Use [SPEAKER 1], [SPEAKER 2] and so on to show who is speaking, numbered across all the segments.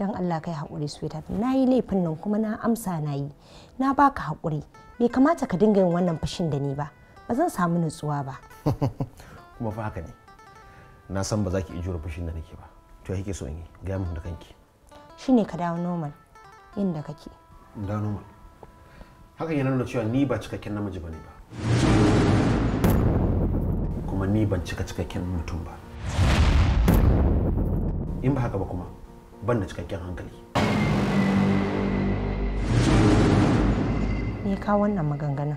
[SPEAKER 1] don allah kai haƙuri sweetheart na yi laifin nan kuma na amsa na yi na baka haƙuri bai kamata ka dinga yin wannan fashin da ni ba ba zan samu nutsuwa ba
[SPEAKER 2] kuma fa haka ne na san ba za ki ijiyar fashin da nake ba to ya so in yi gaya mun da kanki
[SPEAKER 1] shine ka dawo normal inda kake
[SPEAKER 2] dawo normal hakan yana nuna cewa ni ba cikakken namiji bane ba kuma ni ban cika cikakken mutum ba in ba haka ba kuma ban da cikakken hankali me
[SPEAKER 1] ka wannan maganganun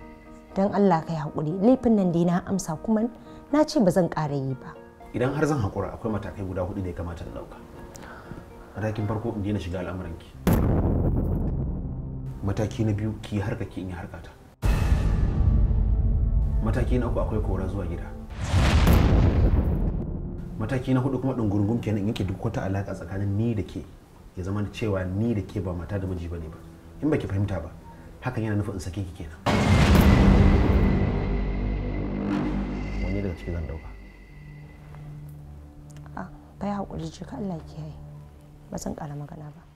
[SPEAKER 1] don allah ka yi haƙuri laifin nan dai na amsa kuma na ce ba zan ƙara yi ba
[SPEAKER 2] idan har zan haƙura akwai matakai guda hudu da ya kamata na ɗauka matakin farko in daina shiga al'amuranki mataki na biyu ki harka ki in yi harkata mataki na uku akwai kora zuwa gida mataki na hudu kuma ɗungurungun kenan yake duk wata alaƙa tsakanin ni da ke ya zama cewa ni da ke ba mata da miji bane ba in baki fahimta ba hakan yana nufin in sake ki kenan wani daga ciki zan dauka
[SPEAKER 1] a ah, kai hakuri je ka Allah ki kiyaye ba zan ƙara magana ba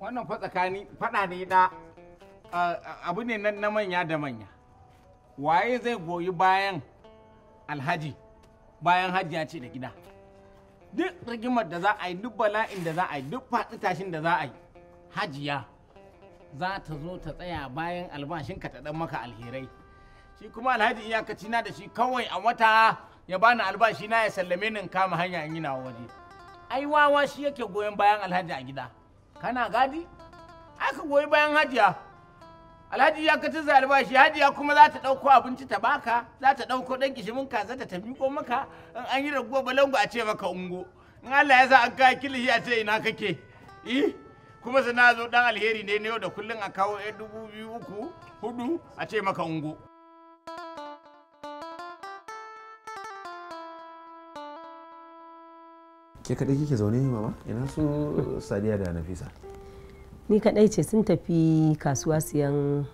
[SPEAKER 3] wannan fa tsakani faɗa ne da abu ne na manya da manya waye zai goyi bayan alhaji bayan hajji ya ce da gida duk rigimar da za a yi duk bala'in da za a yi duk faɗi tashin da za a yi hajiya za ta zo ta tsaya bayan albashinka ta ɗan maka alherai shi kuma alhaji iyakaci na da shi kawai a wata ya bani albashi na ya sallame ni in kama hanya in yi nawa waje ai wawa shi yake goyon bayan alhaji a gida kana gadi aka goyi bayan hajiya alhaji ya ka za albashi hajiya kuma za ta ɗauko abinci ta baka za ta ɗauko ɗan kishimin kaza ta tafi ko maka in an yi raguwa balangu a ce maka ungo in allah ya sa an kai kilishi a ce ina kake eh kuma sana zo dan alheri ne na yau da kullun a kawo ɗaya dubu biyu uku hudu a ce maka ungo
[SPEAKER 2] ke kaɗai kike zaune mama ina su sadiya da nafisa
[SPEAKER 4] ni kaɗai ce sun tafi kasuwa siyan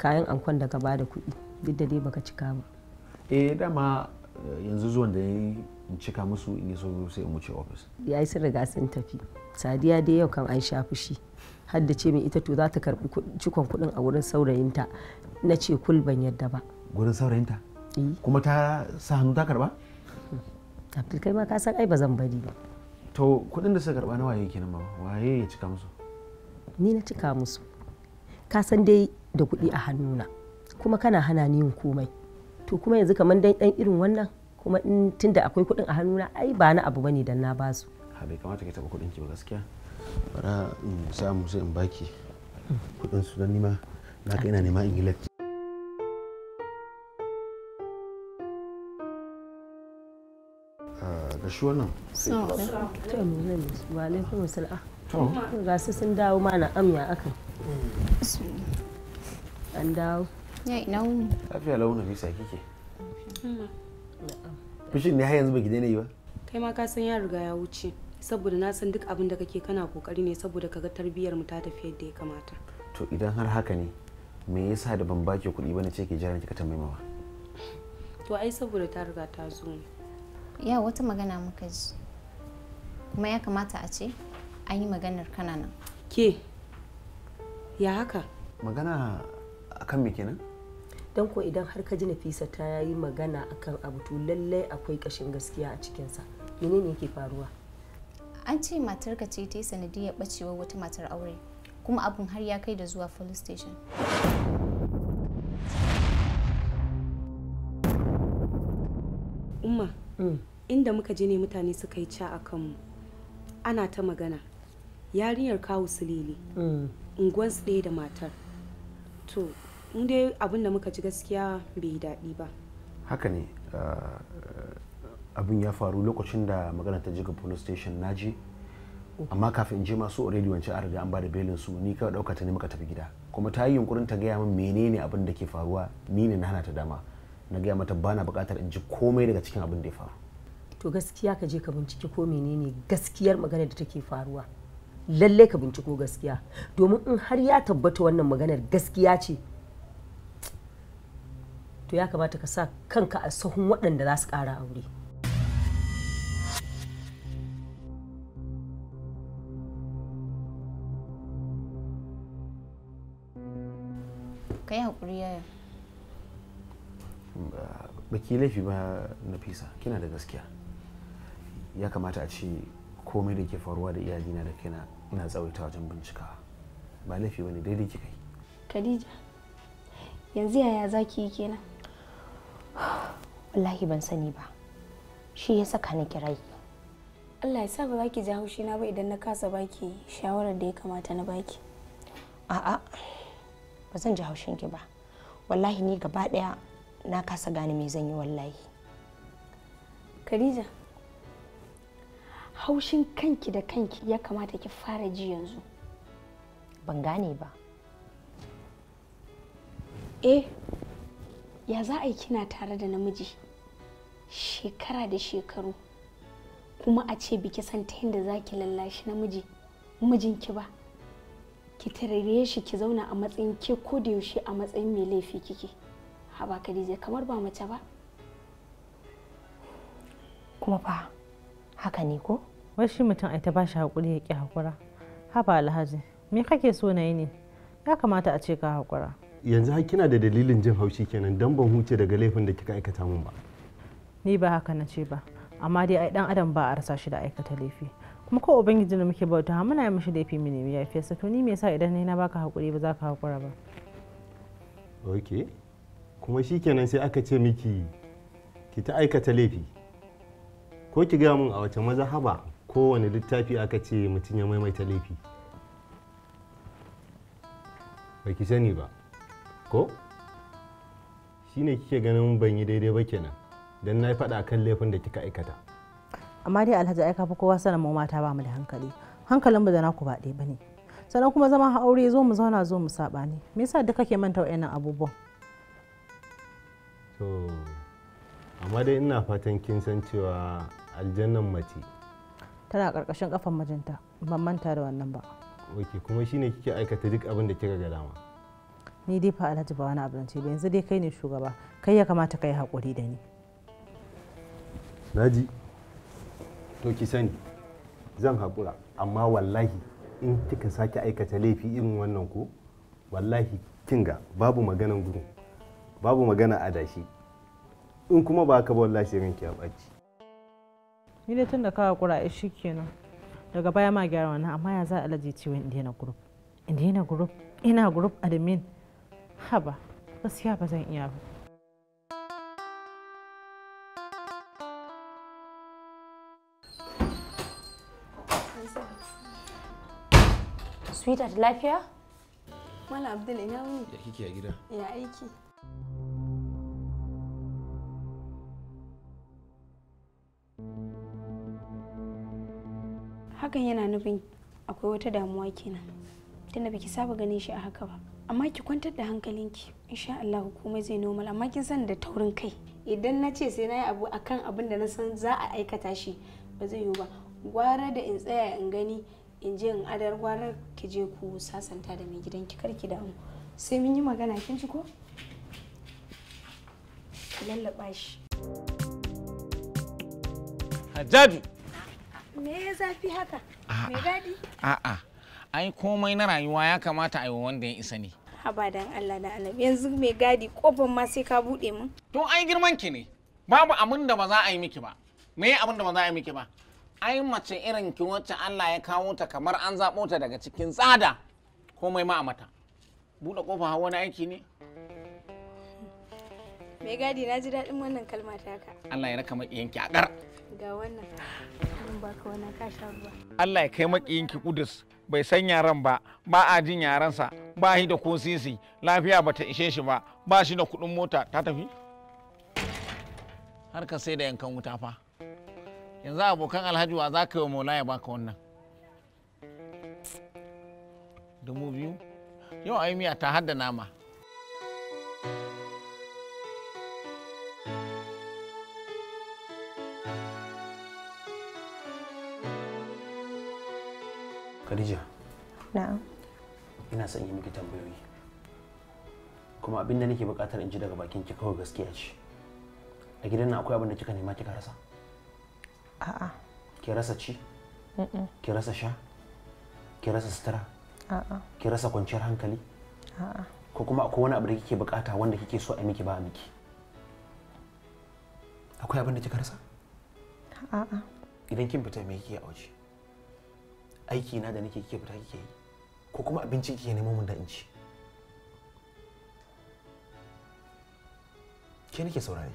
[SPEAKER 4] kayan ankon da ka ba da kuɗi duk da dai baka cika ba
[SPEAKER 2] eh dama eh, yanzu zuwan da in cika musu in so sai in wuce ofis
[SPEAKER 4] ya yi sun riga sun tafi sadiya dai yau kan an sha fushi har da ce min ita to za ta karɓi cikon kuɗin a wurin saurayinta na ce kul ban yadda ba
[SPEAKER 2] gurin saurayinta
[SPEAKER 4] eh. kuma ta sa hannu ta karɓa kai ma ka san ai ba zan bari ba to kuɗin da suka karɓa na waye kenan ma waye ya cika musu ni na cika musu ka san dai da kuɗi a hannuna kuma kana hana ni yin komai to kuma yanzu kamar dan dan irin wannan kuma in tunda akwai kuɗin a hannuna ai ba na abu bane dan na ba su
[SPEAKER 2] ha bai kamata ka taba kudin ki ba gaskiya bara in samu sai in baki mm. kudin su dan nima na kai ina nema in da wannan
[SPEAKER 4] wa ga su sun dawo mana amya an dawo ya ina wuni
[SPEAKER 2] lafiya bisa kike fushin ne har yanzu baki daina yi ba
[SPEAKER 5] kai ma ka san ya riga ya wuce saboda na san duk abin da kake kana kokari ne saboda kaga tarbiyyar mu ta tafi yadda ya kamata
[SPEAKER 2] to idan har haka ne me yasa da ban baki kuɗi ba na ce ki jira kika tambaye mawa
[SPEAKER 5] to ai saboda
[SPEAKER 6] ta riga ta zo ne
[SPEAKER 1] ya
[SPEAKER 5] wata magana muka ji kuma ya kamata
[SPEAKER 4] a ce an yi maganar kana nan ke ya haka
[SPEAKER 2] magana akan me kenan
[SPEAKER 4] don ko idan har ka ji nafisa ta yi magana akan abu to lallai akwai kashin gaskiya a cikinsa menene yake faruwa an ce
[SPEAKER 5] matarka ce ta yi sanadiyar bacewar wata matar aure kuma abun har ya kai da zuwa police station umma mm. inda muka je ne mutane suka yi ca a kanmu ana ta magana yarinyar kawu silili mm. unguwan su da matar to in dai abin da muka ji gaskiya bai daɗi ba
[SPEAKER 2] haka ne ah, ah, abin ya faru lokacin da magana ta jiga police station naji amma kafin in je masu already wancan an riga an bada belin su ni kawai ɗauka ta ne muka tafi gida kuma ta yi yunkurin ta gaya min menene abin da ke faruwa ni ne na hana ta dama na gaya mata bana bukatar in ji komai daga cikin abin da ya faru
[SPEAKER 4] to gaskiya ka je ka binciki ko menene gaskiyar maganar da take faruwa lallai ka binciko gaskiya domin in har ya tabbata wannan maganar gaskiya ce to ya kamata ka sa kanka a sahun waɗanda za su ƙara aure
[SPEAKER 1] ka yi haƙuri yaya
[SPEAKER 2] ba ki laifi ba nafisa kina da gaskiya ya kamata a ce komai da ke faruwa da iyalina da kina ina tsawaita wajen bincika ba laifi bane daidai kika yi
[SPEAKER 5] khadija yanzu yaya zaki yi kenan wallahi
[SPEAKER 1] ban sani ba shi ya saka ni kirai
[SPEAKER 5] Allah ya sa ba zaki ji haushi na ba idan na kasa baki shawarar da ya kamata na baki
[SPEAKER 1] a'a ba zan ji haushin ki ba wallahi ni gaba daya na kasa gane me zan yi wallahi
[SPEAKER 5] khadija haushin kanki da kanki ya kamata ki fara ji yanzu
[SPEAKER 1] ban gane ba
[SPEAKER 5] eh ya za a yi kina tare da namiji shekara da shekaru kuma a ce biki san ta yadda za ki lallashi namiji mijinki ba ki tarare shi ki zauna a matsayin ke ko da yaushe a matsayin mai laifi kike haba kadija kamar ba mace ba
[SPEAKER 6] kuma fa haka ne ko wai shi mutum ai ta bashi haƙuri ya ƙi haƙura haba alhaji me kake so na yi ne ya kamata a ce ka
[SPEAKER 7] haƙura yanzu har kina da dalilin jin haushi kenan dan ban huce daga laifin da kika aikata mun ba
[SPEAKER 6] ni ba haka na ce ba amma dai ai dan adam ba a rasa shi da aikata laifi kuma ko ubangiji da muke bauta muna yi mishi laifi mu ne ya sa to ni me yasa idan na baka hakuri ba za ka hakura ba
[SPEAKER 7] ok kuma shi kenan sai aka ce miki ki ta aikata laifi ko ki gaya mun a wace maza mazahaba kowane littafi aka ce mutum ya maimaita laifi ba ki sani ba ko ne kike ganin ban yi daidai ba kenan don na yi faɗa kan laifin da kika aikata
[SPEAKER 6] amma dai alhaji aika fi kowa sanin mu mata ba mu da hankali hankalin mu da naku ba ne sannan kuma zama aure zo mu zauna zo mu saba ne me yasa duka ke manta wa'annan abubuwan
[SPEAKER 7] to amma dai ina fatan kin san cewa aljannan mace
[SPEAKER 6] tana karkashin kafan mijinta ban manta da wannan ba
[SPEAKER 7] ok kuma shine kike aikata duk abin da kika ga dama
[SPEAKER 6] ni dai fa alhaji ba wani abinci ba yanzu dai kai ne shugaba kai ya kamata kai hakuri da ni
[SPEAKER 7] naji to ki sani zan hakura amma wallahi in kika sake aikata laifi irin wannan ko wallahi kinga babu maganan gudu babu magana adashi in kuma ba ka ba wallahi sai ranki ya ɓaci
[SPEAKER 6] ni dai tun da ka hakura shi kenan daga baya ma gyara wannan amma ya za a laje cewa in group in group ina group admin haba gaskiya ba zan iya ba
[SPEAKER 5] Sweetheart lafiya? Mala Abdul ina wuni?
[SPEAKER 2] Ya kike a gida?
[SPEAKER 5] Ya aiki. hakan yana nufin akwai wata damuwa kenan tunda baki saba ganin shi a haka ba amma ki kwantar da hankalinki insha Allah komai zai normal amma kin san da taurin kai idan na ce sai na yi abu akan abin da na san za a aikata shi ba zai yiwu ba gwara da in tsaya in gani in je in adar gwara ki je ku sasanta da mai ki kar ki damu sai mun yi magana kin ci ko ki lallaba shi Hajjaju me ya zafi haka me daɗi
[SPEAKER 3] a'a ai komai na rayuwa ya kamata a yi wanda ya isa ne abadan Allah da Allah yanzu me gadi kofar ma sai ka bude mu to ai girman ki ne babu abin da ba za a yi miki ba me abin da ba za a yi miki ba ai mace irin ki wacce Allah ya kawo ta kamar an zabo ta daga cikin tsada komai ma a mata buɗe kofa hawa na aiki ne
[SPEAKER 5] Mai gadi na ji daɗin wannan kalma ka.
[SPEAKER 3] Allah ya raka maƙiyanki a ƙar.
[SPEAKER 5] Ga wannan. Mun baka wannan ka sha ruwa.
[SPEAKER 3] Allah ya kai ki Kudus bai san yaran ba, ba a jin yaransa, ba shi da ko sisi, lafiya ba ta ishe shi ba, ba shi da kuɗin mota ta tafi. Har ka sai da yankan wuta fa. Yanzu abokan Alhaji wa za ka yi wa Maula ya baka wannan. Dumu biyu. Yau ai miya ta hadda nama.
[SPEAKER 2] Khadija. Na'am. Ina son yi miki tambayoyi. Kuma abin da nake buƙatar in ji daga bakin ki kawai gaskiya ce. A gidan nan akwai abin da kika nema kika rasa? A'a. Ki rasa ci? Ki rasa sha? Ki rasa sutura? A'a. Ki rasa kwanciyar hankali? A'a. Ko kuma akwai wani abu da kike buƙata wanda kike so a miki ba a miki? Akwai abin da kika rasa? A'a. Idan kin fita me kike a waje? aiki na da nake kike fita kike yi ko kuma abinci kike neman mun da in ci ke nake saurare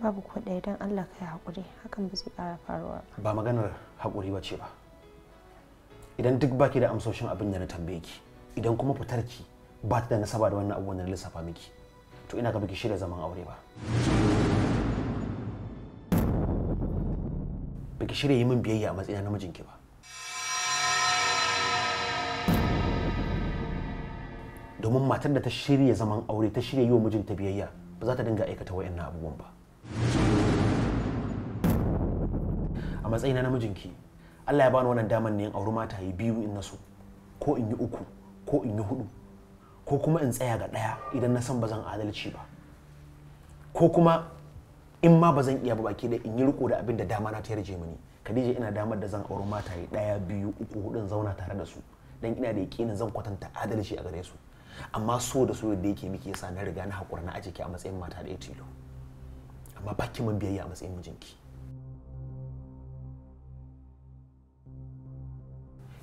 [SPEAKER 1] babu ko ɗaya don Allah kai haƙuri hakan ba zai ƙara faruwa
[SPEAKER 2] ba maganar haƙuri ba ce ba idan duk baki da amsoshin abin da na tambaye ki idan kuma fitar ki ba ta da nasaba da wannan abubuwan da na lissafa miki to ina ga baki shirya zaman aure ba baki shirya yi min biyayya a matsayin namijinki ba domin matar da ta shirya zaman aure ta shirya yi wa mijinta biyayya ba za ta dinga aikata wayannan abubuwan ba a matsayina na mijinki Allah ya bani wannan daman ne yin auri mata yi biyu in na so ko in yi uku ko in yi hudu ko kuma in tsaya ga ɗaya idan na san ba zan adalci ba ko kuma in ma ba zan iya ba baki da in yi riko da abin da dama na ta yarje mini Khadija ina damar da zan auri mata yi ɗaya biyu uku hudu zauna tare da su dan ina da yakinin zan kwatanta adalci a gare su amma so da so da yake miki yasa na riga na haƙura na aje ki a matsayin mata da tilo amma baki mun biyayya a matsayin mijinki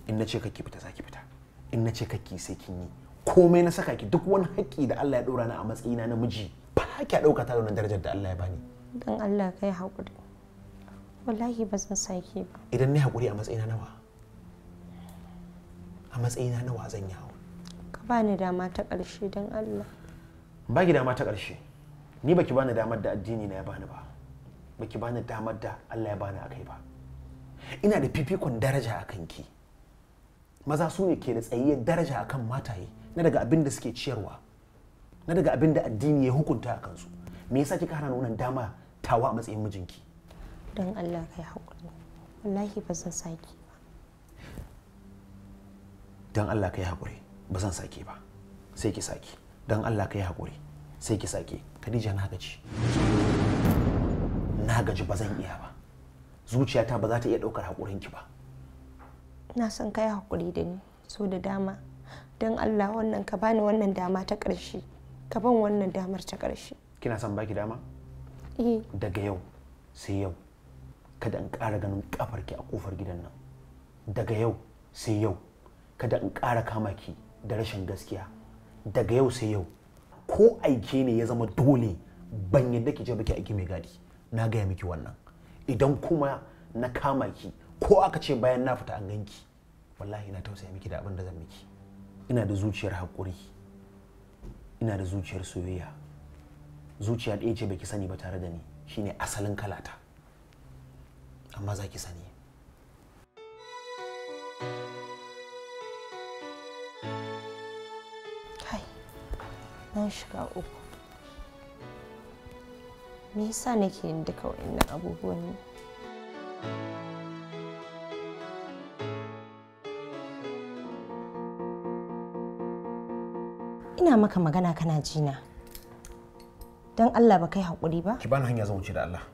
[SPEAKER 2] in na ce kake fita za ki fita in na ce kake sai kin yi komai na saka ki duk wani haƙƙi da Allah ya ɗora ni a matsayina na miji ba ki a ɗauka ta da wannan darajar da Allah ya bani
[SPEAKER 1] dan Allah kai haƙuri wallahi ba zan sake ba
[SPEAKER 2] idan na haƙuri a matsayina nawa a matsayina nawa zan yi
[SPEAKER 1] bani dama ta karshe don Allah.
[SPEAKER 2] Ba ki dama ta ƙarshe. Ni baki bani damar da addini na ya bani ba. Baki bani damar da Allah ya bani akai ba. Ina da fifikon daraja a kanki. Maza su ne ke da tsayayyar daraja a kan mataye na daga abin da suke ciyarwa. Na daga abin da addini ya hukunta a kansu. Me yasa kika hana wannan dama tawa a matsayin mijinki?
[SPEAKER 1] Don Allah kai hakuri. Wallahi ba zan saki ba.
[SPEAKER 2] Don Allah kai hakuri ba zan sake ba sai ki sake don allah ka yi haƙuri sai ki sake khadija na gaji na gaji ba zan iya ba zuciyata ba za ta iya ɗaukar ki ba
[SPEAKER 1] na son ka yi haƙuri da ni so da dama don allah wannan ka bani wannan dama ta ƙarshe ka ban wannan damar ta ƙarshe
[SPEAKER 2] kina son baki dama eh daga yau sai yau kada in ƙara ganin ki a ƙofar gidan nan daga yau sai yau kada in ƙara kama ki da rashin gaskiya daga yau sai yau ko aike ne ya zama dole ban yadda ki je baki aiki mai gadi na gaya miki wannan idan kuma na kama ki ko aka ce bayan na fita an ganki wallahi na tausaya miki da abin da zan miki ina da zuciyar hakuri ina da zuciyar soyayya zuciya ɗaya ce baki sani ba tare da ni shine asalin kalata amma za ki sani
[SPEAKER 1] Zan shiga uku me yasa nake yin duka wa'annan abubuwan ne ina maka magana kana jina don Allah ba kai haƙuri
[SPEAKER 2] ba ki bani hanya zan wuce da Allah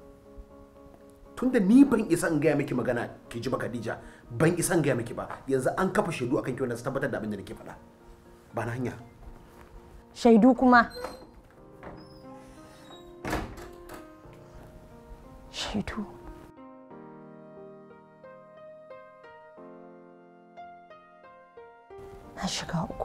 [SPEAKER 2] tunda ni ban isa in gaya miki magana ki ji ba Khadija ban isa in gaya miki ba yanzu an kafa shaidu akan ki wanda su tabbatar da abin da nake faɗa ba na hanya
[SPEAKER 1] shaidu kuma shaidu
[SPEAKER 6] na shiga uku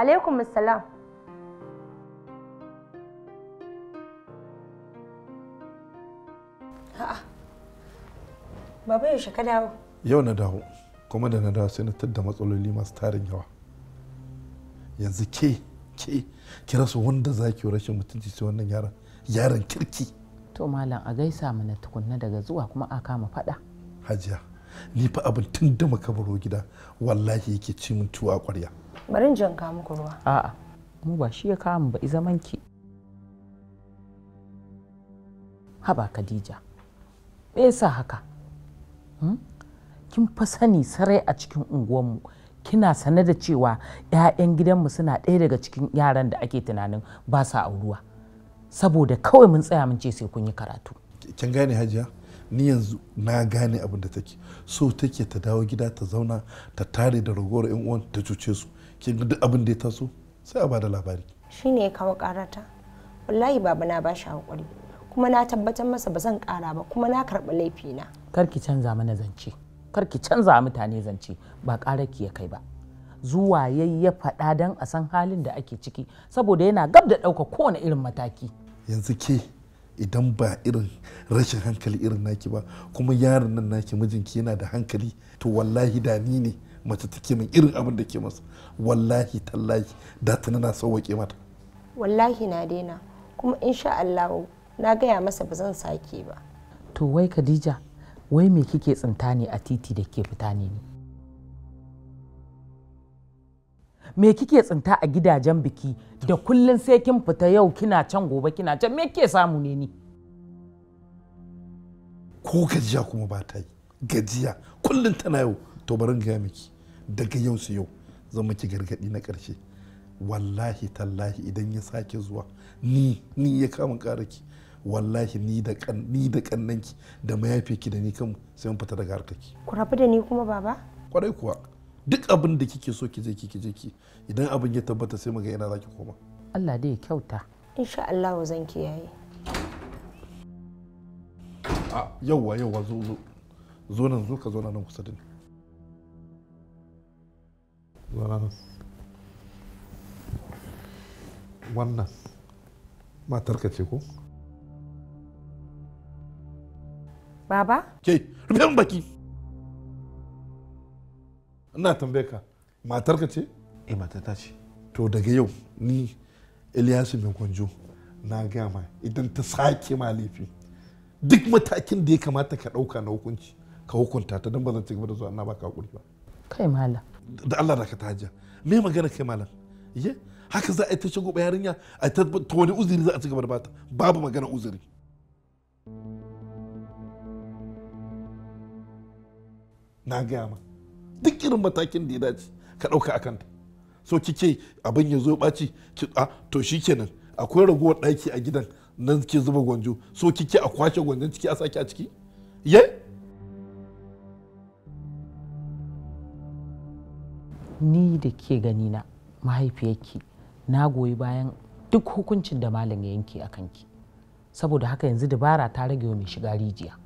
[SPEAKER 1] alaikum assalam Baba yaushe ka dawo?
[SPEAKER 8] Yau na dawo, kuma da na dawo sai na tadda matsaloli masu tarin yawa. Yanzu ke, ke, ki rasa
[SPEAKER 9] wanda za ki rashin mutunci su wannan yaran yaran kirki. To malam a gaisa mana tukunna daga zuwa kuma a kama faɗa. Hajiya, ni fa abin tun da muka baro gida wallahi yake ci min tuwa kwarya.
[SPEAKER 1] bari in jan ka muku ruwa
[SPEAKER 9] a'a mu ba shi ya mu ba zaman ki haba Khadija me yasa haka hmm? kin fa sani sarai a cikin unguwanmu kina sane da cewa 'ya'yan gidanmu suna ɗaya daga cikin yaran da ake tunanin ba sa auruwa saboda kawai mun tsaya mun ce sai kun yi karatu kin gane hajiya
[SPEAKER 8] ni yanzu na gane abin da take so take ta dawo gida ta zauna ta tare da ragowar 'yan uwan ta cuce su kin abin da ya taso sai a bada labari
[SPEAKER 1] shine ya kawo karata wallahi baba na ba shi hakuri kuma na tabbatar masa ba zan kara ba kuma na karɓi laifina
[SPEAKER 9] kar ki canza mana zance kar ki canza mutane zance ba ki ya kai ba zuwa yayi ya faɗa dan a san halin da ake ciki saboda yana gab da ɗauka kowane irin mataki
[SPEAKER 8] yanzu ke idan ba irin rashin hankali irin naki ba kuma yaron nan naki mijinki yana da hankali to wallahi da ni ne mace take min irin abin da ke masa wallahi tallahi da tana na sauwaƙe mata
[SPEAKER 1] wallahi na daina kuma insha Allah na gaya masa ba zan sake ba
[SPEAKER 9] to wai Khadija wai me kike tsinta ne a titi da ke fita ne me kike tsinta a gidajen biki da kullum sai kin fita yau kina can gobe kina can me kike samu ne ni
[SPEAKER 8] ko gajiya kuma ba ta yi gajiya kullum tana yau to bari gaya miki daga yau su yau zan miki gargadi na ƙarshe wallahi tallahi idan ya sake zuwa ni ni ya kama karaki wallahi ni da kan ni da kannanki da mayafi ki da ni kanmu sai mun fita daga harkaki
[SPEAKER 1] ku rabu da ni kuma baba
[SPEAKER 8] kwarai kuwa duk abin da kike so ki je ki je ki idan abin ya tabbata sai mu ga ina zaki koma Allah dai ya kyauta
[SPEAKER 1] insha Allah zan kiyaye
[SPEAKER 8] a yauwa yauwa zo zo zo nan zo ka zo nan kusa da ni wannan ka ce ko? Baba? Ke, rufe baki. Ina tambaye ka, eh, matar ka ce? Eh, ta ce. To daga yau, ni Ilyasu mai kwanjo na gama idan ta sake ma laifi. Duk matakin da ya kamata ka ɗauka na hukunci, ka hukunta ta don ba zan ci gaba da zuwa na baka hakuri ba. Kai malam. da Allah da ka ta hajja me magana kai malam ye haka za a yi ta shigo yarinya a ta wani uzuri za a ci gaba da bata babu magana uzuri na gaya ma duk irin matakin da ya dace ka ɗauka akan ta so kike abin ya zo ɓaci a to shi kenan akwai ragowar ɗaki a gidan nan ke zuba gwanjo so kike a kwashe gwanjon ciki a sake a ciki
[SPEAKER 9] ye ni da ke gani na mahaifiyarki na goyi bayan duk hukuncin da malam ya yanke a kanki saboda haka yanzu dabara ta rage wa mai shiga rijiya